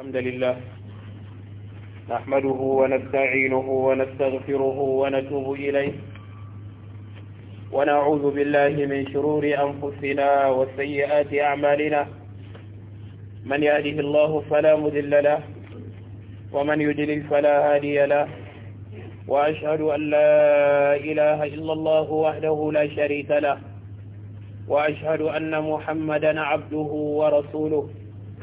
الحمد لله نحمده ونستعينه ونستغفره ونتوب إليه ونعوذ بالله من شرور أنفسنا وسيئات أعمالنا من يهده الله فلا مذل له ومن يدلل فلا هادي له وأشهد أن لا إله إلا الله وحده لا شريك له وأشهد أن محمدا عبده ورسوله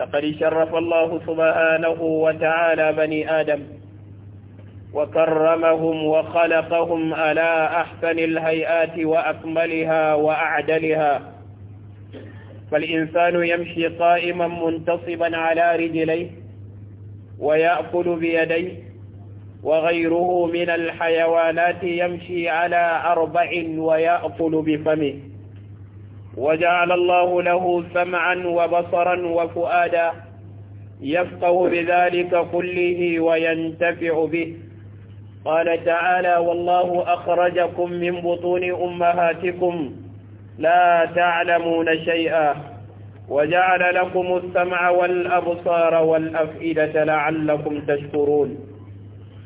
لقد شرف الله سبحانه وتعالى بني آدم وكرمهم وخلقهم على أحسن الهيئات وأكملها وأعدلها فالإنسان يمشي قائما منتصبا على رجليه ويأكل بيديه وغيره من الحيوانات يمشي على أربع ويأكل بفمه وجعل الله له سمعا وبصرا وفؤادا يفقه بذلك كله وينتفع به قال تعالى والله أخرجكم من بطون أمهاتكم لا تعلمون شيئا وجعل لكم السمع والأبصار والأفئدة لعلكم تشكرون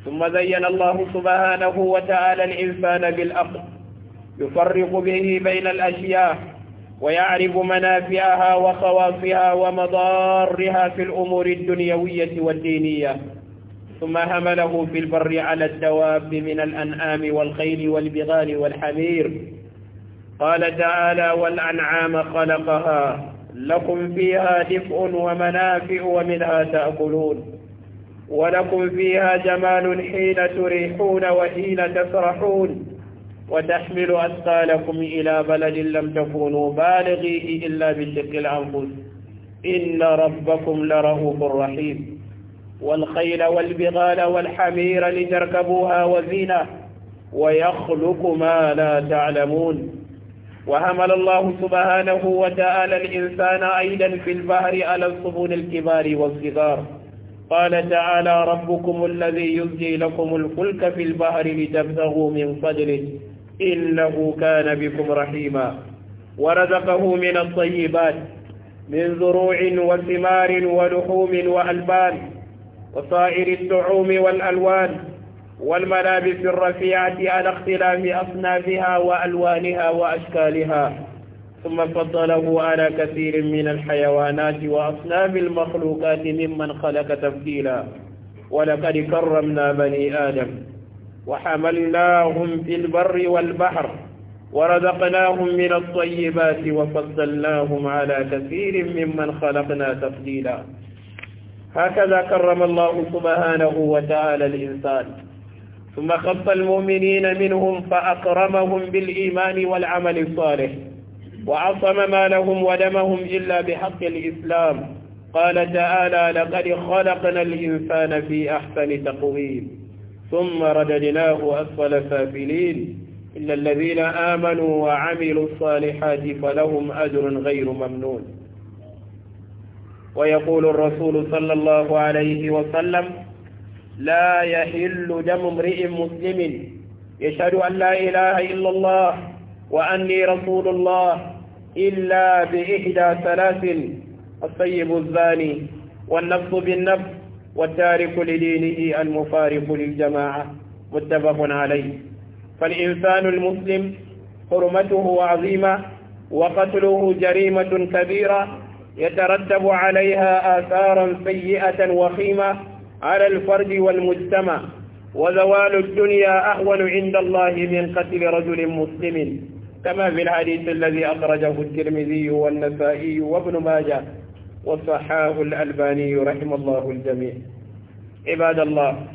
ثم زين الله سبحانه وتعالى الإنسان بالأقل يفرق به بين الأشياء ويعرف منافعها وخوافها ومضارها في الأمور الدنيوية والدينية ثم همله في البر على الدواب من الأنعام والخيل والبغال والحمير قال تعالى والأنعام خلقها لكم فيها دفء ومنافع ومنها تأكلون ولكم فيها جمال حين تريحون وحين تسرحون وتحمل أثقالكم إلى بلد لم تكونوا بالغيه إلا بشق الأنفس إن ربكم لرؤوف رحيم والخيل والبغال والحمير لتركبوها وزينة ويخلق ما لا تعلمون وحمل الله سبحانه وتعالى الإنسان أيضا في البحر على الصبون الكبار والصغار قال تعالى ربكم الذي يزجي لكم الفلك في البحر لتبتغوا من فضله إنه كان بكم رحيما ورزقه من الطيبات من زروع وثمار ولحوم وألبان وصائر الطعوم والألوان والملابس الرفيعة على اختلاف أصنافها وألوانها وأشكالها ثم فضله على كثير من الحيوانات وأصناف المخلوقات ممن خلق تفضيلا ولقد كرمنا بني آدم وحملناهم في البر والبحر ورزقناهم من الطيبات وفضلناهم على كثير ممن خلقنا تفضيلا هكذا كرم الله سبحانه وتعالى الإنسان ثم خص المؤمنين منهم فأكرمهم بالإيمان والعمل الصالح وعصم ما لهم ودمهم إلا بحق الإسلام قال تعالى لقد خلقنا الإنسان في أحسن تقويم ثم رددناه أسفل سافلين إلا الذين آمنوا وعملوا الصالحات فلهم أجر غير ممنون ويقول الرسول صلى الله عليه وسلم لا يحل دم امرئ مسلم يشهد أن لا إله إلا الله وأني رسول الله إلا بإحدى ثلاث الطيب الزاني والنفس بالنفس والتارك لدينه المفارق للجماعة متفق عليه فالإنسان المسلم حرمته عظيمة وقتله جريمة كبيرة يترتب عليها آثارا سيئة وخيمة على الفرد والمجتمع وزوال الدنيا أهون عند الله من قتل رجل مسلم كما في الحديث الذي أخرجه الترمذي والنسائي وابن ماجه وصحاه الألباني رحم الله الجميع عباد الله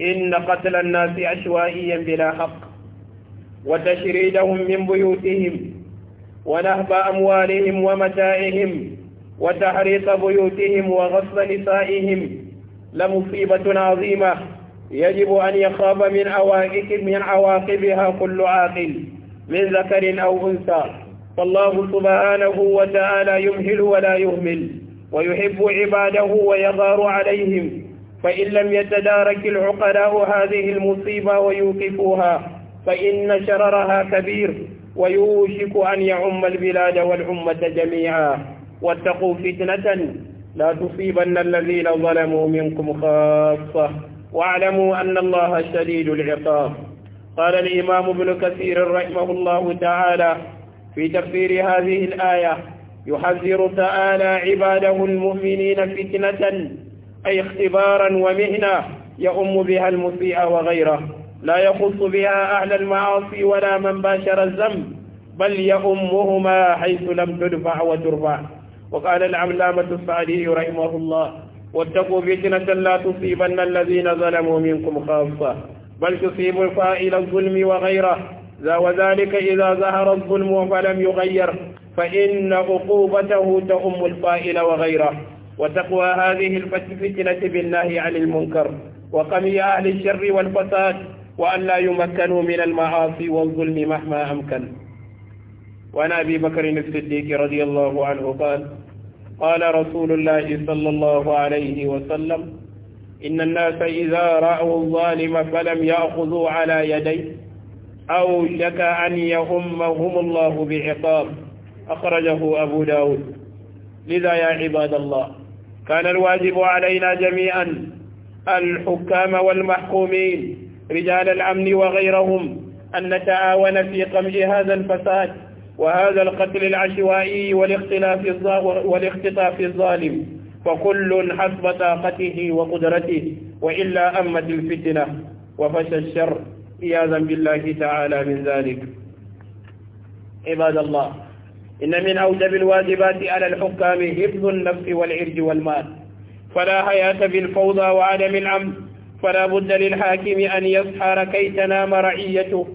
إن قتل الناس عشوائيا بلا حق وتشريدهم من بيوتهم ونهب أموالهم ومتاعهم وتحريق بيوتهم وغصب نسائهم لمصيبة عظيمة يجب أن يخاف من من عواقبها كل عاقل من ذكر أو أنثى فالله سبحانه وتعالى يمهل ولا يهمل ويحب عباده ويغار عليهم فإن لم يتدارك العقلاء هذه المصيبة ويوقفوها فإن شررها كبير ويوشك أن يعم البلاد والأمة جميعا واتقوا فتنة لا تصيبن الذين ظلموا منكم خاصة واعلموا أن الله شديد العقاب قال الإمام ابن كثير رحمه الله تعالى في تفسير هذه الآية يحذر تعالى عباده المؤمنين فتنة أي اختبارا ومهنة يؤم بها المسيء وغيره لا يخص بها أهل المعاصي ولا من باشر الذنب بل يؤمهما حيث لم تدفع وترفع وقال العملامة السعدي رحمه الله واتقوا فتنة لا تصيبن الذين ظلموا منكم خاصة بل تصيب الفائل الظلم وغيره وذلك إذا ظهر الظلم فلم يغير فإن عقوبته تؤم الفائل وغيره وتقوى هذه الفتنة بالله عن المنكر وقمي أهل الشر والفساد وأن لا يمكنوا من المعاصي والظلم مهما أمكن وعن أبي بكر الصديق رضي الله عنه قال قال رسول الله صلى الله عليه وسلم إن الناس إذا رأوا الظالم فلم يأخذوا على يديه أو شك أن يهمهم الله بعقاب أخرجه أبو داود لذا يا عباد الله كان الواجب علينا جميعا الحكام والمحكومين رجال الأمن وغيرهم أن نتعاون في قمع هذا الفساد وهذا القتل العشوائي والاختلاف والاختطاف الظالم فكل حسب طاقته وقدرته وإلا أمت الفتنة وفشى الشر عياذا بالله تعالى من ذلك عباد الله إن من أوجب الواجبات على الحكام حفظ النفس والعرج والمال فلا حياة بالفوضى وعدم الأمن فلا بد للحاكم أن يسحر كي تنام رعيته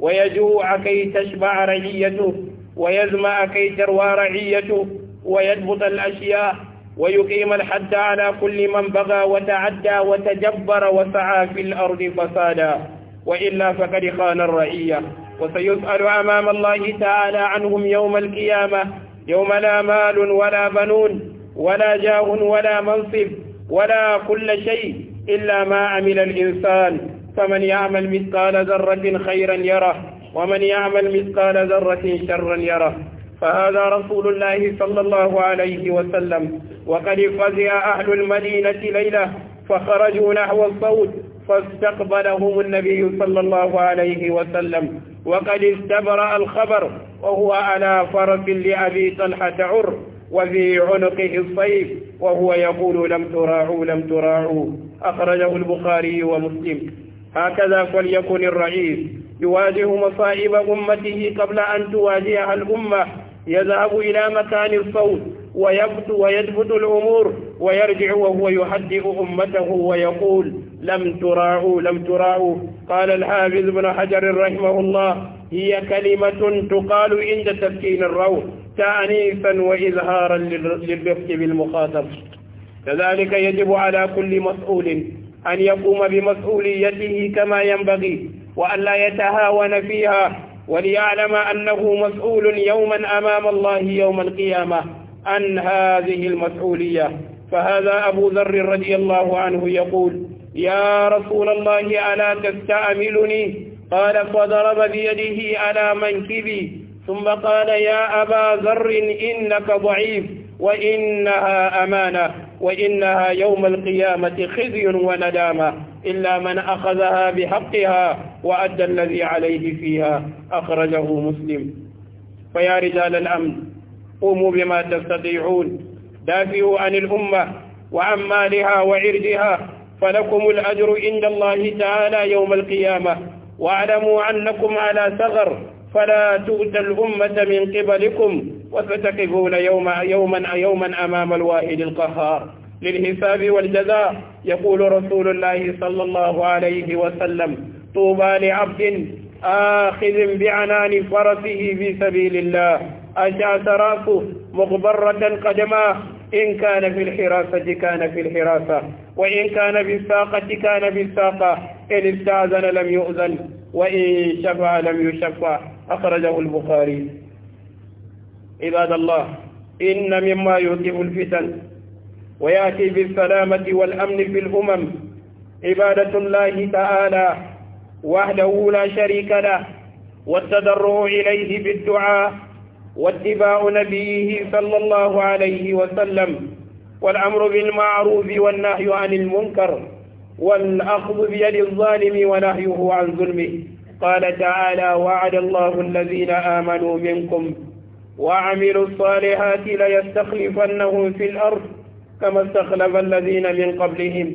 ويجوع كي تشبع رعيته ويزمع كي تروى رعيته ويضبط الأشياء ويقيم الحد على كل من بغى وتعدى وتجبر وسعى في الأرض فسادا وإلا فقد خان الرعية وسيسأل أمام الله تعالى عنهم يوم القيامة يوم لا مال ولا بنون ولا جاه ولا منصب ولا كل شيء إلا ما عمل الإنسان فمن يعمل مثقال ذرة خيرا يره ومن يعمل مثقال ذرة شرا يره فهذا رسول الله صلى الله عليه وسلم وقد فزع أهل المدينة ليلة فخرجوا نحو الصوت فاستقبلهم النبي صلى الله عليه وسلم وقد استبرأ الخبر وهو على فرس لأبي طلحة عر وفي عنقه الصيف وهو يقول لم تراعوا لم تراعوا أخرجه البخاري ومسلم هكذا فليكن الرئيس يواجه مصائب أمته قبل أن تواجهها الأمة يذهب إلى مكان الصوت ويبدو ويثبت الأمور ويرجع وهو يهدئ أمته ويقول لم تراعوا لم تراعوا قال الحافظ بن حجر رحمه الله هي كلمة تقال عند تسكين الروح تعنيفا وإظهارا للرفق بالمخاطب كذلك يجب على كل مسؤول أن يقوم بمسؤوليته كما ينبغي وأن لا يتهاون فيها وليعلم أنه مسؤول يوما أمام الله يوم القيامة عن هذه المسؤولية فهذا أبو ذر رضي الله عنه يقول يا رسول الله ألا تستعملني قال فضرب بيده على منكبي ثم قال يا أبا ذر إنك ضعيف وإنها أمانة وإنها يوم القيامة خزي وندامة إلا من أخذها بحقها وأدى الذي عليه فيها أخرجه مسلم فيا رجال الأمن قوموا بما تستطيعون دافعوا عن الأمة وعن مالها وعرضها فلكم الأجر عند الله تعالى يوم القيامة واعلموا أنكم على ثغر فلا تؤتى الأمة من قبلكم وستقفون يوم يوما يوما أمام الواحد القهار للحساب والجزاء يقول رسول الله صلى الله عليه وسلم طوبى لعبد آخذ بعنان فرسه في سبيل الله أشعث رأسه مغبرة قدماه إن كان في الحراسة كان في الحراسة وإن كان في الساقة كان في الساقة إن استأذن لم يؤذن وإن شفع لم يشفع أخرجه البخاري عباد الله إن مما يوجب الفتن ويأتي بالسلامة والأمن في الأمم عبادة الله تعالى وحده لا شريك له والتضرع إليه بالدعاء واتباع نبيه صلى الله عليه وسلم والأمر بالمعروف والنهي عن المنكر والأخذ بيد الظالم ونهيه عن ظلمه قال تعالى وعد الله الذين آمنوا منكم وعملوا الصالحات ليستخلفنهم في الأرض كما استخلف الذين من قبلهم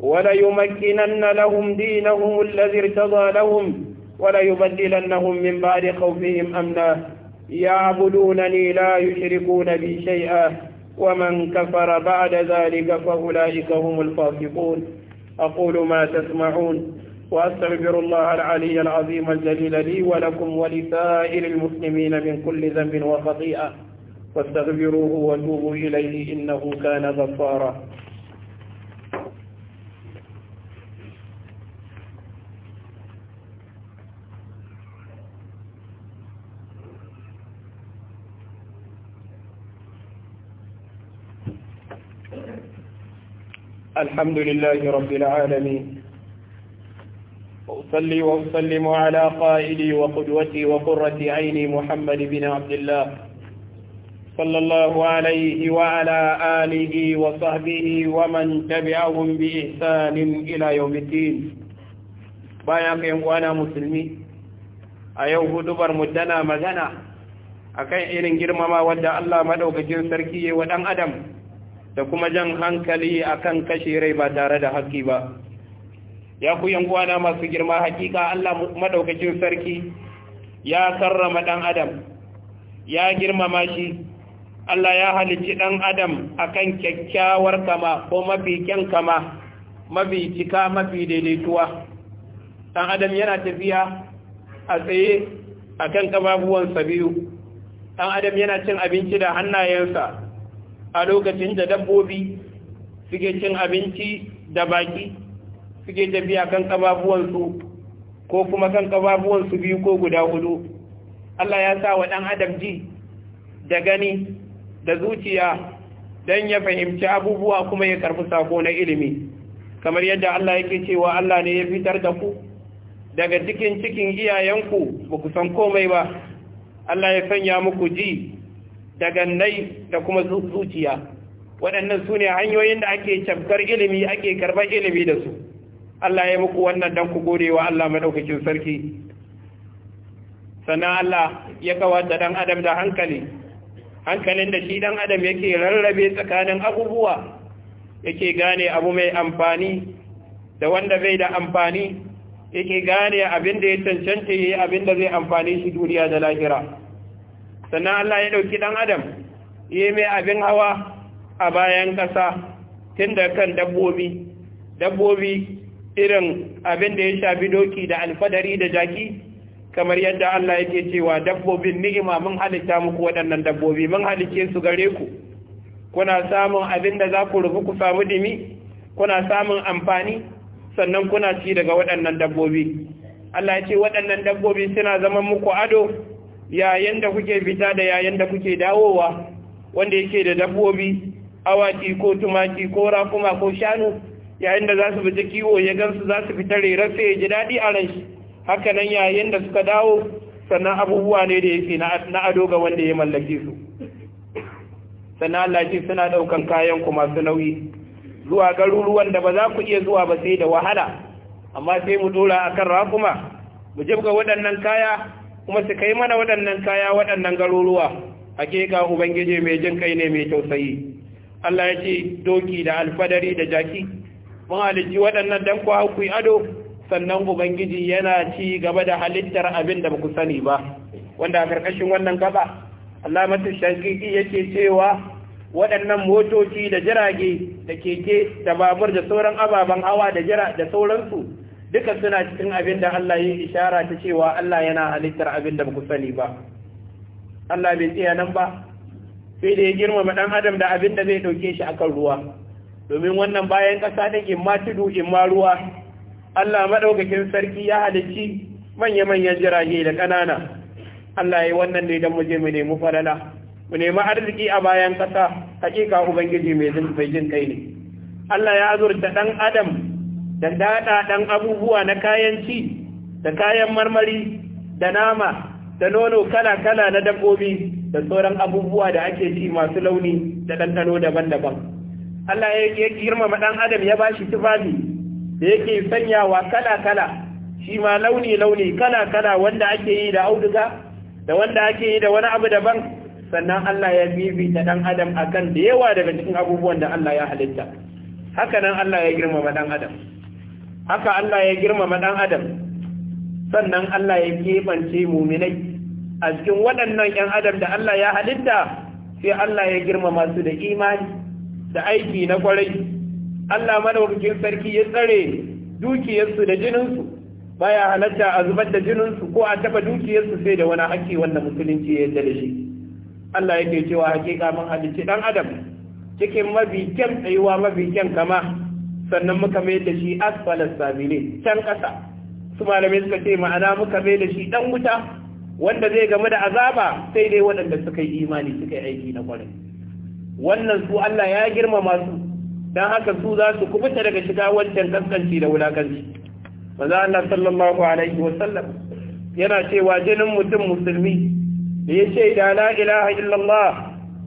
وليمكنن لهم دينهم الذي ارتضى لهم وليبدلنهم من بعد خوفهم أمنا يعبدونني لا يشركون بي شيئا ومن كفر بعد ذلك فأولئك هم الفاسقون أقول ما تسمعون وأستغفر الله العلي العظيم الجليل لي ولكم ولسائر المسلمين من كل ذنب وخطيئة فاستغفروه وتوبوا إليه إنه كان غفارا الحمد لله رب العالمين وأصلي وأسلم على قائدي وقدوتي وقرة عيني محمد بن عبد الله صلى الله عليه وعلى آله وصحبه ومن تبعهم بإحسان إلى يوم الدين bayan yan uwana musulmi a yau hudubar mu tana magana akan irin girmama wadda Allah madaukakin sarki ya wa dan adam da kuma jan hankali akan kashe rai ba tare da haƙƙi ba ya ku na masu girma hakika Allah maɗaukacin sarki ya karrama ɗan adam ya girmama shi Allah ya halicci ɗan adam akan kyakkyawar kama ko mafi kyan kama mafi cika mafi daidaituwa ɗan adam yana tafiya a tsaye akan kababuwansa biyu ɗan adam yana cin abinci da hannayensa a lokacin da dabbobi suke cin abinci da baki suke tafiya kan ƙababuwansu ko kuma kan ƙababuwansu biyu ko guda hudu Allah ya sa wa ɗan adam ji da gani da zuciya don ya fahimci abubuwa kuma ya karfi sako na ilimi kamar yadda Allah yake cewa Allah ne ya fitar da ku daga cikin cikin iyayenku ba ku san komai ba Allah ya sanya muku ji Daga nai da kuma zuciya waɗannan su ne hanyoyin da ake cafkar ilimi ake karɓar ilimi da su Allah ya muku wannan don ku gode wa Allah maɗaukakin sarki sannan Allah ya kawata ɗan adam da hankali hankalin da shi ɗan adam yake rarrabe tsakanin abubuwa yake gane abu mai amfani da wanda bai da amfani yake gane abin da ya cancanta yi abin da zai amfani shi duniya da lahira sannan Allah ya ɗauki ɗan adam yi mai abin hawa a bayan ƙasa tun da kan dabbobi dabbobi irin abin da ya shafi doki da alfadari da jaki kamar yadda Allah yake cewa dabbobin ni'ima mun halitta muku waɗannan dabbobi mun halice su gare ku kuna samun abin da za ku rufu ku samu dimi kuna samun amfani sannan kuna ci daga waɗannan dabbobi Allah ya ce waɗannan dabbobi suna zaman muku ado yayin da kuke fita da yayin da kuke dawowa wanda yake da dabbobi awaki ko tumaki ko rakuma ko shanu yayin da za su fita kiwo ya gansu za su fita rera sai ya ji daɗi a ran shi haka nan yayin da suka dawo sannan abubuwa ne da yake na ado ga wanda ya mallake su sannan Allah ce suna ɗaukan kayan ku masu nauyi zuwa garuruwan da ba za ku iya zuwa ba sai da wahala amma sai mu dora akan rakuma mu jibga waɗannan kaya kuma su kai mana waɗannan kaya waɗannan garuruwa hakika ubangiji mai jin kai ne mai tausayi Allah ya ce doki da alfadari da jaki mun halicci waɗannan dan ku ku yi ado sannan ubangiji yana ci gaba da halittar abin da baku sani ba wanda a karkashin wannan gaba Allah mata ya yake cewa waɗannan motoci da jirage da keke da babur da sauran ababen hawa da jira da sauransu duka suna cikin abin da Allah ya ishara ta cewa Allah yana halittar abin da ba ku sani ba Allah bai tsaya nan ba sai da ya girmama ɗan adam da abin da zai dauke shi akan ruwa domin wannan bayan kasa take ma tudu in ma ruwa Allah maɗaukakin sarki ya halicci manya-manyan jirage da ƙanana. Allah ya yi wannan ne dan mu je mu nemi falala, mu nemi arziki a bayan ƙasa. hakika ubangiji mai jin kai ne Allah ya azurta ɗan adam da daɗaɗen abubuwa na kayan ci da kayan marmari da nama da nono kala-kala na dabbobi da sauran abubuwa da ake ci masu launi da ɗanɗano daban-daban Allah ya girmama ɗan adam ya ba shi tufafi da yake sanyawa kala-kala shi ma launi-launi kala-kala wanda ake yi da auduga da wanda ake yi da wani abu daban sannan Allah ya da ɗan adam akan da yawa daga cikin abubuwan da Allah ya halitta haka nan Allah ya girmama ɗan adam haka Allah ya girmama ɗan adam sannan Allah ya keɓance muminai a cikin waɗannan ‘yan adam da Allah ya halitta sai Allah ya girmama su da imani da aiki na kwarai Allah madaukakin sarki ya tsare dukiyarsu da jininsu baya halatta a zubar da jininsu ko a taɓa dukiyarsu sai da wani haƙƙi wanda musulunci ya yarda da shi Allah yake cewa haƙiƙa mun halicci ɗan adam cikin mafi kyan tsayuwa mafi kyan kama sannan muka mai da shi asfalas sabili can ƙasa su malamai suka ce ma'ana muka mai da shi dan wuta wanda zai game da azaba sai dai waɗanda suka yi imani suka yi aiki na kwarai wannan su Allah ya girmama su dan haka su za su kubuta daga shiga wancan kaskanci da wulakanci maza Allah sallallahu alaihi wa sallam yana cewa jinin mutum musulmi da ya shaida la ilaha illallah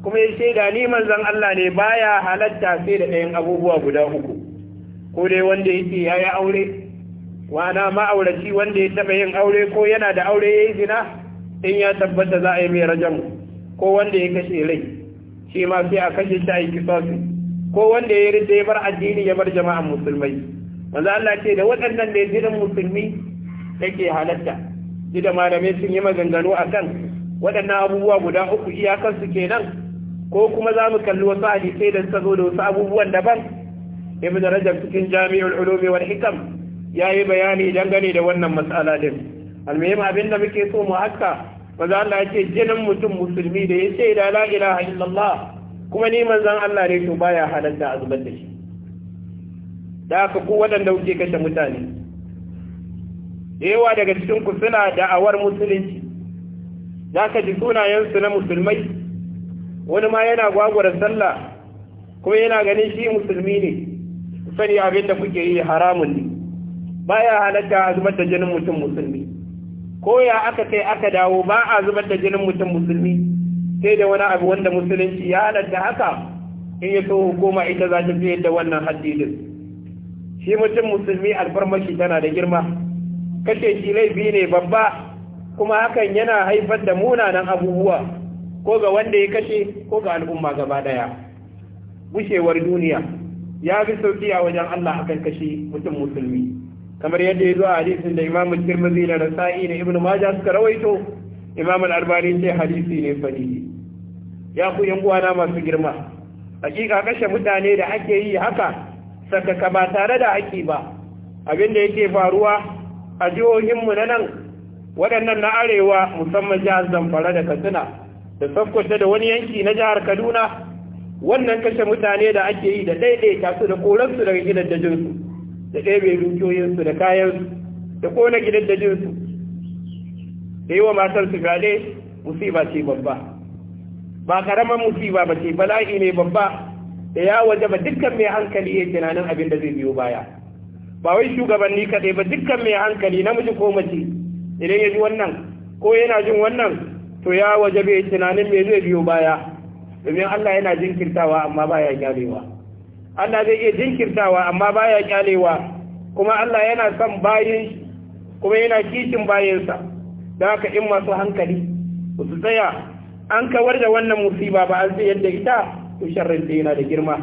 kuma ya shaida ni manzon Allah ne baya halatta sai da ɗayan abubuwa guda uku ko dai wanda yake ya yi aure wana ma'auraci wanda ya taɓa yin aure ko yana da aure ya yi zina in ya tabbata za a yi mai rajan ko wanda ya kashe rai shi ma sai a kashe shi a yi kisosi ko wanda ya rinda ya bar addini ya bar jama'an musulmai manzo Allah ce da waɗannan ne gidan musulmi ke halatta da malamai sun yi maganganu akan waɗannan abubuwa guda uku iyakansu kenan ko kuma za mu kalli wasu hadisai da suka zo da wasu abubuwan daban ibn rajab cikin jami'ul ulumi wal hikam yayi bayani dangane da wannan matsala din almuhim abin da muke so mu haska maza Allah yake jinin mutum musulmi da yace da la ilaha illallah kuma ni manzon Allah ne to baya halatta azubar da shi da aka ku waɗanda kuke kashe mutane da yawa daga cikin ku suna da'awar musulunci za ka ji sunayensu na musulmai wani ma yana gwagwara sallah kuma yana ganin shi musulmi ne sani abin da kuke yi haramun ne Ba ya halatta a zubar da jinin mutum musulmi ko ya aka kai aka dawo ba a zubar da jinin mutum musulmi sai da wani abu wanda musulunci ya halatta haka in ya so hukuma ita za ta fiye da wannan haddidin shi mutum musulmi alfarmashi tana da girma kashe shi laifi ne babba kuma hakan yana haifar da munanan abubuwa ko ga wanda ya kashe ko ga al'umma gaba daya gushewar duniya ya fi sauki a wajen Allah akan kashe mutum musulmi kamar yadda ya zo a hadisin da Imam Tirmidhi da sa'i da Ibn Majah suka rawaito Imam Al-Albani sai hadisi ne sahihi ya ku yan na masu girma hakika kashe mutane da ake yi haka saka ba tare da haƙi ba abin da yake faruwa a mu na nan waɗannan na arewa musamman jihar zamfara da katsina da sakkwace da wani yanki na jihar kaduna wannan kashe mutane da ake yi da daidaita su da koransu daga gidaddajinsu da ɗebe dukiyoyinsu da kayansu da kona gidaddajinsu da yi wa matarsu gade musiba ce babba ba karamar musiba ba ce bala'i ne babba da ya waje ba dukkan mai hankali ya tunanin abin da zai biyo baya ba wai shugabanni kaɗai ba dukkan mai hankali namiji ko mace idan ya ji wannan ko yana jin wannan to ya waje bai tunanin mai zai biyo baya domin Allah yana jinkirtawa amma baya kyalewa Allah zai iya jinkirtawa amma baya kyalewa kuma Allah yana son bayin kuma yana kishin bayansa da haka in masu hankali su tsaya an kawar da wannan musiba ba an sai yadda ita to sharrin yana da girma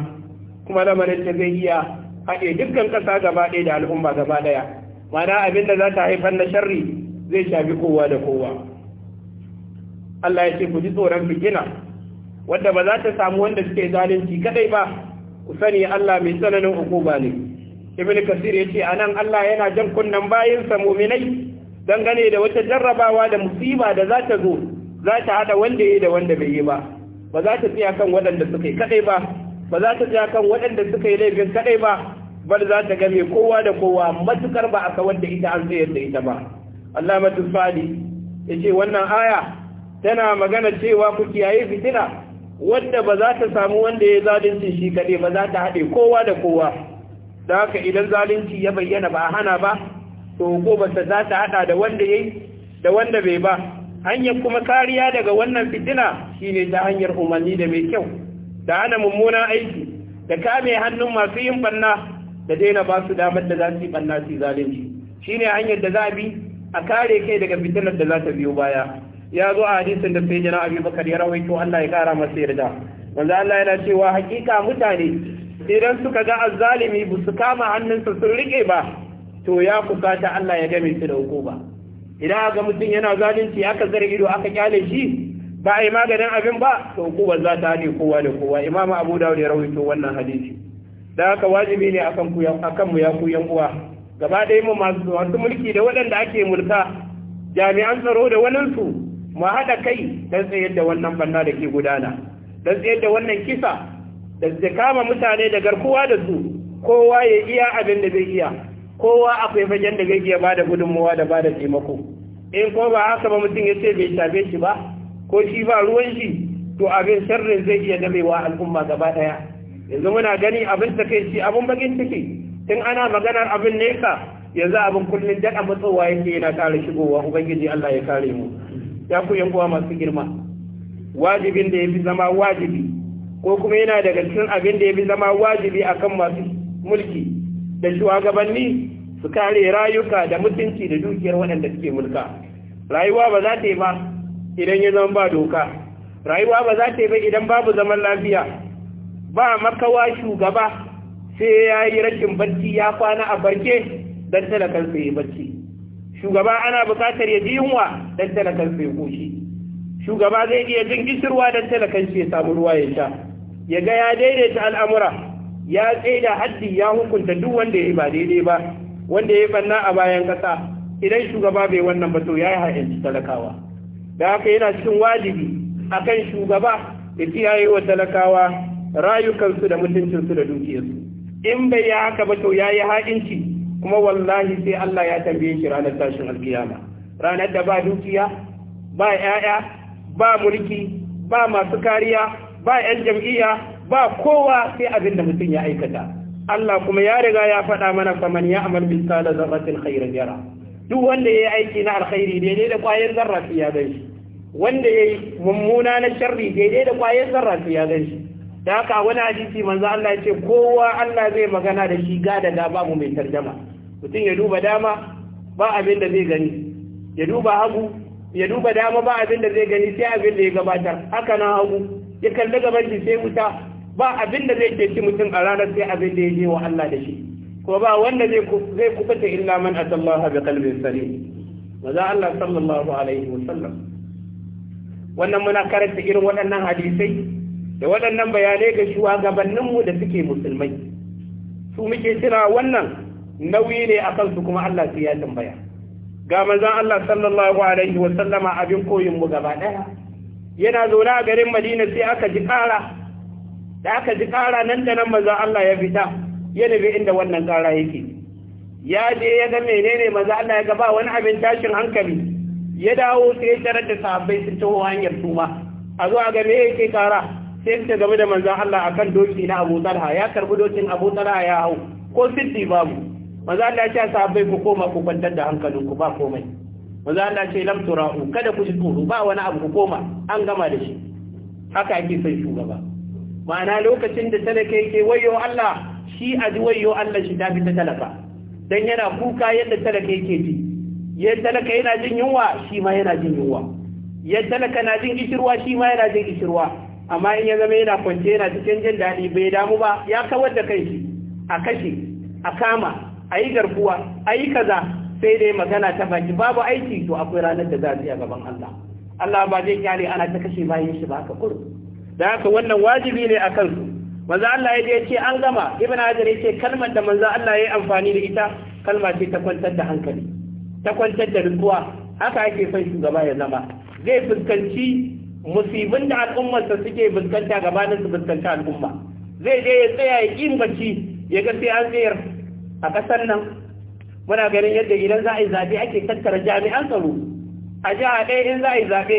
kuma lamarin ta zai iya haɗe dukkan ƙasa gaba ɗaya da al'umma gaba ɗaya ma'ana abin da za ta haifar na sharri zai shafi kowa da kowa Allah ya ce ku ji tsoron fitina wadda ba za ta samu wanda suke zalunci kadai ba ku sani Allah mai tsananin hukuma ne ibn kasir yace anan Allah yana jan kunnan bayinsa mu'minai gane da wata jarrabawa da musiba da za ta zo za ta hada wanda yi da wanda bai yi ba ba za ta tsaya kan waɗanda suka yi kadai ba ba za ta tsaya kan waɗanda suka yi laifin kadai ba bar za ta game kowa da kowa matukar ba aka wanda ita an tsayar da ita ba Allah matufali ya ce wannan aya tana magana cewa ku kiyaye fitina wanda ba za ta samu wanda ya zalunci shi kaɗai ba za ta haɗe kowa da kowa da haka idan zalunci ya bayyana ba a hana ba to ko ba ta za ta haɗa da wanda ya da wanda bai ba hanyar kuma kariya daga wannan fitina shine ta hanyar umarni da mai kyau da hana mummunan aiki da kame hannun masu yin banna da daina ba su damar da za su yi banna su zalunci shine hanyar da za a bi a kare kai daga fitinar da za ta biyo baya ya zo a hadisin da sai jana abin bakar ya rawaito Allah ya kara masa yarda wanda Allah yana cewa hakika mutane idan suka ga azzalimi bu su kama hannunsa sun rike ba to ya kusata Allah ya game su da ba. idan ga mutum yana zalunci aka zara ido aka kyale shi ba a yi maganin abin ba to hukumar za ta hade kowa da kowa imam abu dawud ya rawaito wannan hadisi da haka wajibi ne akan ku akan mu ya ku yan uwa gaba ɗaya mu masu mulki da waɗanda ake mulka jami'an tsaro da waninsu mu haɗa kai don tsayar da wannan banna da ke gudana don tsayar da wannan kisa da kama mutane da garkuwa da su kowa ya iya abin da zai iya kowa akwai fagen da zai iya bada gudunmuwa da bada taimako in ko ba haka ba mutum ya ce bai shafe shi ba ko shi ba ruwan shi to abin sharrin zai iya damewa al'umma gaba ɗaya, yanzu muna gani abin takaici abin bakin ciki tun ana maganar abin nesa yanzu abin kullum daɗa matsowa yake yana ƙara shigowa ubangiji Allah ya kare mu ya ku masu girma wajibin da ya fi zama wajibi ko kuma yana daga cikin abin da ya fi zama wajibi kan masu mulki da shugabanni su kare rayuka da mutunci da dukiyar waɗanda suke mulka rayuwa ba za ta yi ba idan ya zama ba doka rayuwa ba za ta yi ba idan babu zaman lafiya ba makawa shugaba sai ya yi rashin barci ya kwana a barke don talakansa yi barci shugaba ana buƙatar ya ji yunwa don talakan sai koshi shugaba zai iya jin gishirwa don talakan shi ya samu ruwa ya sha ya ga ya daidaita al'amura ya tsaida haddi ya hukunta duk wanda ya yi ba daidai ba wanda ya yi banna a bayan ƙasa idan shugaba bai wannan ba to ya yi ha'inci talakawa da haka yana cikin wajibi kan shugaba da kiyaye wa talakawa rayukansu da mutuncinsu da dukiyarsu in bai yi haka ba to ya yi ha'inci kuma wallahi sai Allah ya tambaye shi ranar tashin alkiyama ranar da ba dukiya ba ƴaƴa ba mulki ba masu kariya ba ƴan jam'iyya ba kowa sai abin da mutum ya aikata Allah kuma ya riga ya faɗa mana faman ya amal bin sala zarratin yara duk wanda yayi aiki na alkhairi daidai da kwayar zarra ya ganshi. wanda yayi mummuna na sharri daidai da kwayar zarra ya ganshi. da haka wani hadisi manzo Allah ya ce kowa Allah zai magana da shi ga da babu mai tarjama mutum ya duba dama ba abin da zai gani ya duba hagu ya duba dama ba abin da zai gani sai abin da ya gabatar haka nan hagu ya kalli gaban shi sai wuta ba abin da zai shi mutum a ranar sai abin da ya je wa Allah da shi ko ba wanda zai zai kubuta illa man atallaha bi qalbin salim maza Allah sallallahu alaihi wasallam wannan muna karanta irin waɗannan hadisai da waɗannan bayanai ga shugabanninmu da suke musulmai su muke suna wannan nauyi ne a kansu kuma Allah su ya tambaya ga manzan Allah sallallahu alaihi wa sallama abin koyinmu gaba ɗaya. yana zaune a garin Madina sai aka ji ƙara. da aka ji ƙara nan da nan manzan Allah ya fita ya nufi inda wannan ƙara yake ya je ya ga menene manzan Allah ya ga wani abin tashin hankali ya dawo sai ya tarar da sahabbai sun taho hanyar tuma a zuwa a ga me yake kara sai suka game da manzan Allah a kan doki na Abu Talha ya karbi dokin Abu Talha ya hau ko siddi babu manzan Allah ce sa bai ku koma ku kwantar da hankalinku ba komai manzan Allah ce lam turahu kada ku ji tsoro ba wani abu ku koma an gama da shi haka yake son shugaba ma'ana lokacin da talaka yake wayo Allah shi a ji wayo Allah shi ta fita talaka dan yana kuka yadda talaka yake ji yadda talaka yana jin yunwa shi ma yana jin yunwa yadda talaka na jin kishirwa shi ma yana jin kishirwa amma in ya zama yana kwance yana cikin jin daɗi bai damu ba ya kawar da kai shi a kashe a kama a yi garkuwa a yi kaza sai dai magana ta baki babu aiki to akwai ranar da za su a gaban Allah Allah ba zai kyale ana ta kashe bayan shi ba ka kuru da haka wannan wajibi ne a kansu manzo Allah ya ce an gama ibn hajar yace kalmar da manzo Allah ya yi amfani da ita kalma ce ta kwantar da hankali ta kwantar da rubuwa haka ake son shugaba ya zama zai fuskanci musibin da al'ummarsa suke fuskanta gabanin su fuskanta al'umma zai je ya tsaya ya kin bacci ya ga sai an tsayar a ƙasar nan muna ganin yadda idan za a yi zaɓe ake tattara jami'an tsaro a jiha ɗaya in za a yi zaɓe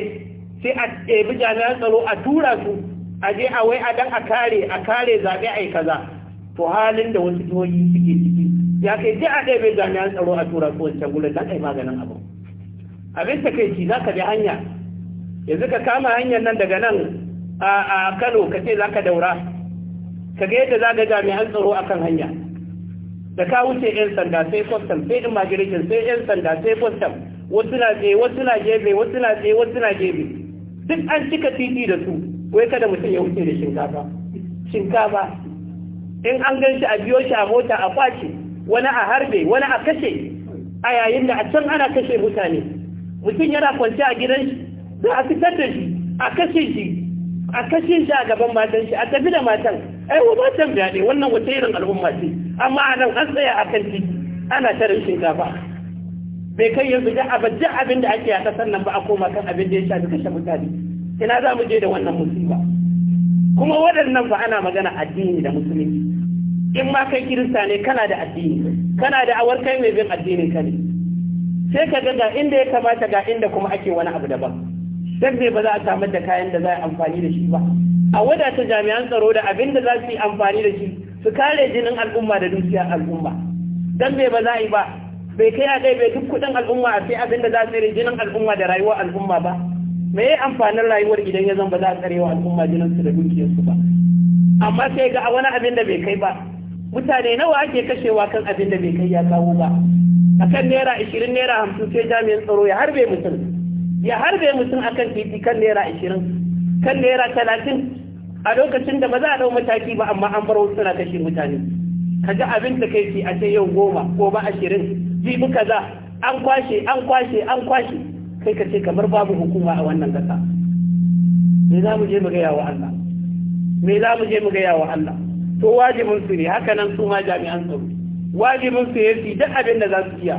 sai a ɗebi jami'an tsaro a tura su a je a wai a dan a kare a kare zaɓe a yi kaza to halin da wasu jihohi suke ciki ya kai je a ɗaya jami'an tsaro a tura su wancan gurin na kai maganin abu abin ta za ka bi hanya yanzu ka kama hanyar nan daga nan a kano ka ce za ka daura ka ga yadda za ga jami'an tsaro a kan hanya da ka wuce 'yan sanda sai kwastam sai immigration sai 'yan sanda sai kwastam wasu na tsaye wasu na gebe wasu na tsaye wasu na gebe duk an cika titi da su wai kada mutum ya wuce da shinkafa shinkafa in an gan shi a biyo shi a mota a kwace wani a harbe wani a kashe a yayin da a can ana kashe mutane mutum yana kwance a gidan shi za a fitar da shi a kashe shi a kashe shi a gaban matan shi a tafi da matan ai wa matan ne, wannan wata irin al'umma ce amma a nan an tsaya a kan titi ana tarin shinkafa bai kai yanzu da abajin abin da ake yata sannan ba a koma kan abin da ya shafi kashe mutane ina za mu je da wannan musiba kuma waɗannan fa ana magana addini da musulunci in ma kai kirista ne kana da addini kana da awar kai mai bin addinin ka ne sai ka ga inda ya kamata ga inda kuma ake wani abu daban dan ne ba za a samar da kayan da za a amfani da shi ba a wadata jami'an tsaro da abin da za su yi amfani da shi su kare jinin al'umma da dukiya al'umma dan ne ba za a yi ba bai kai a kai bai duk kudin al'umma a sai abin da za su yi jinin al'umma da rayuwar al'umma ba me ya amfanin rayuwar idan ya zan ba za a tsare wa al'umma jinin su da dukiyar su ba amma sai ga a wani abin da bai kai ba mutane nawa ake kashewa kan abin da bai kai ya kawo ba akan naira ashirin naira hamsin sai jami'an tsaro ya harbe mutum ya harbe mutum akan titi kan naira ashirin kan naira talatin a lokacin da ba za a dau mataki ba amma an bar suna kashe mutane ka ji abin da kai ce a ce yau goma goma ashirin jibi kaza an kwashe an kwashe an kwashe kai ka ce kamar babu hukuma a wannan gasa. me za mu je mu gaya wa Allah me za mu je mu gaya wa Allah to wajibin su ne haka nan su ma jami'an tsaro wajibin su ne su duk abin da za su iya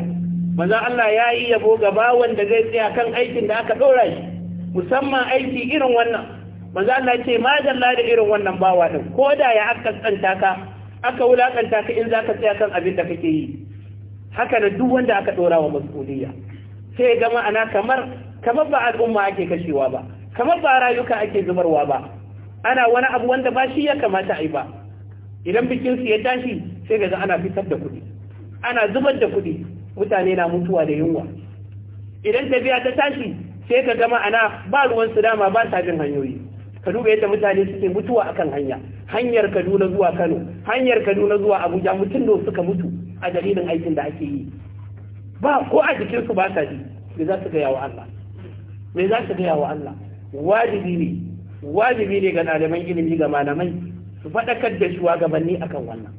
manzon Allah ya yi yabo ga bawan da zai tsaya kan aikin da aka ɗora shi musamman aiki irin wannan manzon Allah ce ma da irin wannan bawa din ko da ya aka tsanta ka aka wulakanta ka in zaka tsaya kan abin da kake yi haka da duk wanda aka ɗora wa mas'uliyya sai ga ma'ana kamar kamar ba al'umma ake kashewa ba kamar ba rayuka ake zubarwa ba ana wani abu wanda ba shi ya kamata a yi ba idan bikin su ya tashi sai ga ana fitar da kuɗi ana zubar da kuɗi mutane na mutuwa da yunwa idan tafiya ta tashi sai ka gama ana ba ruwan su dama ba sa bin hanyoyi ka duba yadda mutane suke mutuwa akan hanya hanyar Kaduna zuwa Kano hanyar Kaduna zuwa Abuja mutum da suka mutu a dalilin aikin da ake yi ba ko a jikin su ba sa ji me za su gaya wa Allah me za su ga yawo Allah wajibi ne wajibi ne ga ɗaliban ilimi ga malamai su faɗakar da shuwagabanni akan wannan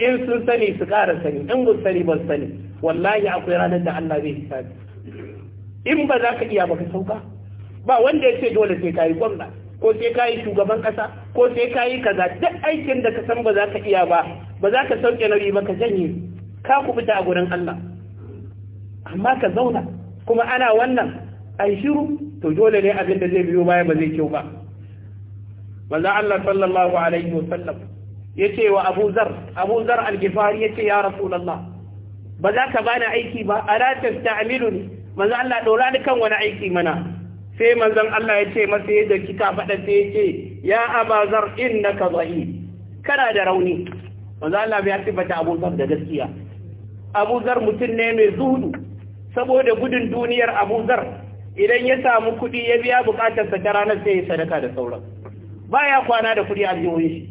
in sun sani su ƙara sani in ba sani ba sani wallahi akwai ranar da Allah zai hisabi in ba za ka iya ba ka sauka ba wanda ya ce dole sai ka yi gwamna ko sai ka yi shugaban kasa ko sai ka yi kaza duk aikin da ka san ba za ka iya ba ba za ka sauke nauyi ba ka janye ka ku fita a gurin Allah amma ka zauna kuma ana wannan ai shiru to dole ne abin da zai biyo baya ba zai kyau ba manzo Allah sallallahu alaihi wasallam yace wa Abu Zar Abu Zar al-Ghifari yace ya Rasulullah ba za ka bani aiki ba a ratar ta Aminu ne manzan Allah ɗora ni kan wani aiki mana sai manzan Allah ya ce masa yadda kika faɗa sai ya ce ya abazar in na ka zahi kana da rauni manzan Allah ya sifata bata abuzar da gaskiya abuzar mutum ne mai zuhudu saboda gudun duniyar abuzar idan ya samu kuɗi ya biya sa ta ranar sai ya sadaka da sauran baya kwana da kuɗi a jihohi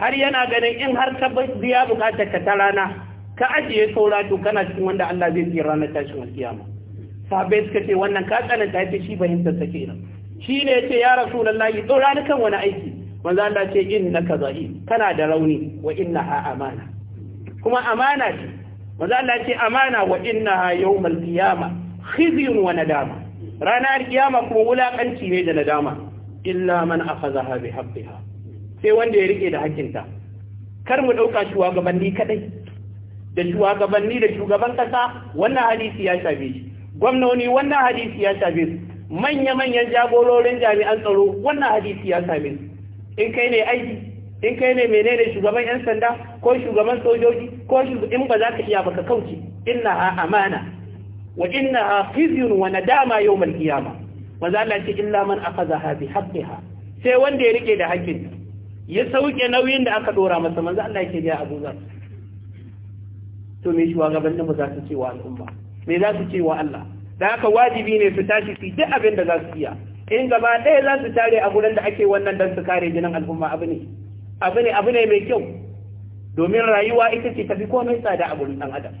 har yana ganin in har ta biya buƙatar ta rana ka ajiye saura to kana cikin wanda Allah zai tsira ranar tashin kiyama sabai suka ce wannan ka tsananta ya ce shi fahimtar ta kenan shi ne ya ce ya rasu lallahi tsora ni kan wani aiki manzo Allah ce in na kaza'i kana da rauni wa inna ha amana kuma amana ce manzo Allah ce amana wa inna ha yawmal qiyama khizyun wa nadama ranar kiyama kuma wulakanci ne da nadama illa man akhadha bi haqqiha sai wanda ya rike da hakinta kar mu ɗauka dauka shugabanni kaɗai. da shugabanni da shugaban kasa wannan hadisi ya shafe shi gwamnoni wannan hadisi ya shafe su manya-manyan jagororin jami'an tsaro wannan hadisi ya shafe su in kai ne aiki in kai ne menene shugaban 'yan sanda ko shugaban sojoji ko in ba za ka iya baka kauce inna ha amana wa inna ha khizyun wa nadama yawmal ba. maza Allah ce illa man akhadha bi ha. sai wanda ya rike da haƙƙin ya sauke nauyin da aka dora masa manzo Allah yake ga Abu Zar to me shugabanninmu za su ce wa al'umma me za su ce wa Allah da haka wajibi ne su tashi su duk abin da za su iya in gaba ɗaya za su tare a gurin da ake wannan don su kare jinin al'umma abu ne abu ne abu ne mai kyau domin rayuwa ita ce tafi komai tsada a gurin ɗan adam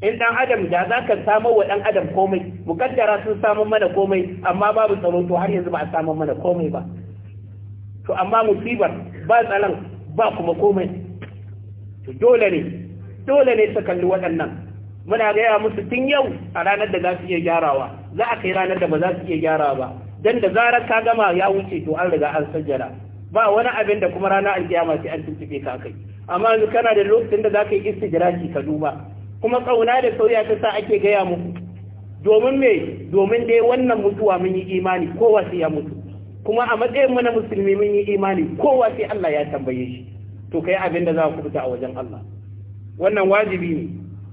in ɗan adam da za ka samar wa ɗan adam komai mukaddara sun samun mana komai amma babu tsaro to har yanzu ba a samun mana komai ba to amma musibar ba tsalan ba kuma komai to dole ne dole ne su kalli waɗannan muna gaya musu tun yau a ranar da za su iya gyarawa za a kai ranar da ba za su iya gyarawa ba dan da zarar ka gama ya wuce to an riga an sajjara ba wani abin da kuma ranar alkiyama sai an tuntube ka kai amma yanzu kana da lokacin da za ka yi ki ka duba kuma kauna da sauya ta sa ake gaya muku domin me domin dai wannan mutuwa mun yi imani kowa sai ya mutu kuma a matsayin mu na musulmi mun yi imani kowa sai Allah ya tambaye shi to kai abin da za ku fita a wajen Allah wannan wajibi ne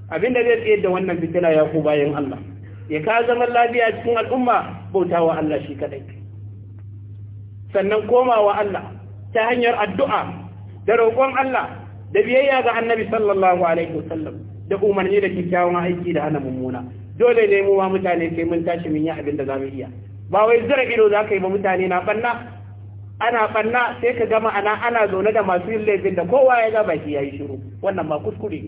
abinda zai tsaye da wannan fitila ya ku bayan Allah ya ka zama lafiya cikin al'umma bautawa Allah shi kadai sannan komawa Allah ta hanyar addu'a da roƙon Allah da biyayya ga annabi sallallahu alaihi wasallam da umarni da kyakkyawan aiki da hana mummuna dole ne mu ma mutane sai mun tashi mun yi abin da za mu iya ba wai zira ido za ka yi ba mutane na banna ana banna sai ka gama ma'ana ana zaune da masu yin laifin da kowa ya gaba shi yi shiru wannan ma kuskure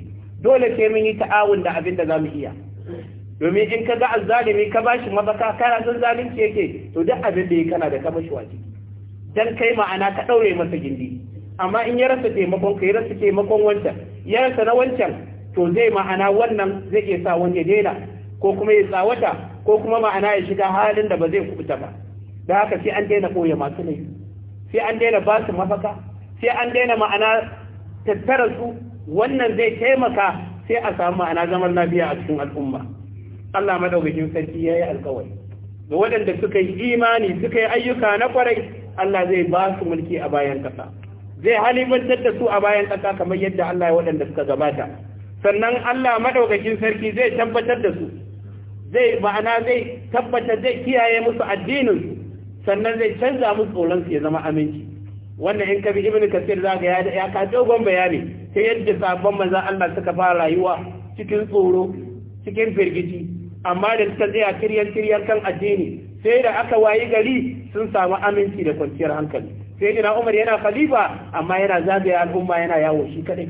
dole sai mun yi ta'awun da abin da za mu iya domin in ka ga azzalimi ka ba shi mabaka kana son zalunci yake to duk abin da ya kana da kamashi waje dan kai ma'ana ka ɗaure masa gindi amma in ya rasa taimakon ka ya rasa taimakon wancan ya rasa na wancan to zai ma'ana wannan zai iya sa wani ya daina ko kuma ya tsawata ko kuma ma'ana ya shiga halin da ba zai kubuta ba da haka sai an daina ɓoye masu laifi sai an daina ba su mafaka sai an daina ma'ana tattara su wannan zai taimaka sai a samu ma'ana zaman lafiya a cikin al'umma Allah madaukakin sarki yayi alƙawari ga waɗanda suka yi imani suka yi ayyuka na kwarai Allah zai ba su mulki a bayan ƙasa zai halimantar da su a bayan ƙasa kamar yadda Allah ya waɗanda suka gabata sannan Allah madaukakin sarki zai tabbatar da su zai ma'ana zai tabbatar zai kiyaye musu addininsu. sannan zai canza musu tsoron su ya zama aminci wannan in ka bi ibnu kasir zaka ya ya ka dogon bayani ta yadda sabon manzan Allah suka fara rayuwa cikin tsoro cikin firgici amma da suka tsaya kiryan kiryan kan addini sai da aka wayi gari sun samu aminci da kwanciyar hankali sai dina Umar yana khalifa amma yana zagaya al'umma yana yawo shi kadai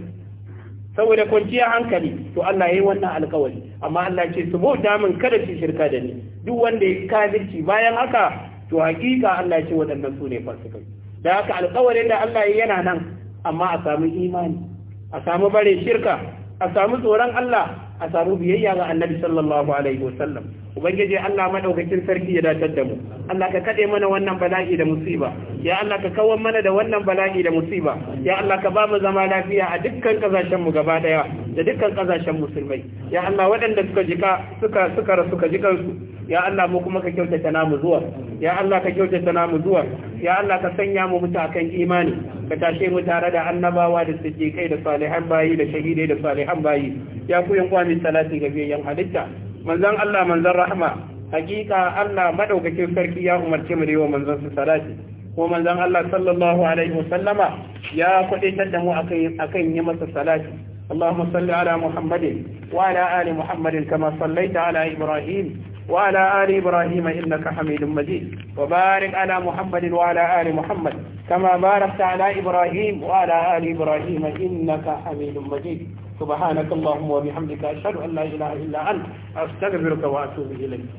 saboda kwanciyar hankali to Allah yayi wannan alƙawari. amma Allah ce su bo damin kada shi shirka da ni duk wanda ya kafirci bayan haka to hakika Allah ya ce waɗannan su ne fasikai da haka alƙawarin da Allah ya yana nan amma a samu imani a samu bare shirka a samu tsoron Allah a samu biyayya ga Annabi sallallahu alaihi wasallam ubangiji Allah madaukakin sarki ya datar da mu Allah ka kade mana wannan bala'i da musiba ya Allah ka kawar mana da wannan bala'i da musiba ya Allah ka ba mu zama lafiya a dukkan kasashen mu gaba daya da dukkan kasashen musulmai ya Allah waɗanda suka jika suka suka rasu ka su ya Allah mu kuma ka kyautata namu zuwa ya Allah ka kyautata namu zuwa ya Allah ka sanya mu mutakan imani ka tashe mu tare da annabawa da siddiqai da salihan bayi da shahidai da salihan bayi ya ku yan kwami salati ga biyan halitta manzon Allah manzon rahma hakika Allah madaukakin sarki ya umarce mu da yawa manzon su salati ko manzon Allah sallallahu alaihi wasallama ya kwadaitar da mu akan akan yi masa salati اللهم صل على محمد وعلى آل محمد كما صليت على إبراهيم وعلى آل إبراهيم إنك حميد مجيد وبارك على محمد وعلى آل محمد كما باركت على إبراهيم وعلى آل إبراهيم إنك حميد مجيد سبحانك اللهم وبحمدك أشهد أن لا إله إلا أنت أستغفرك وأتوب إليك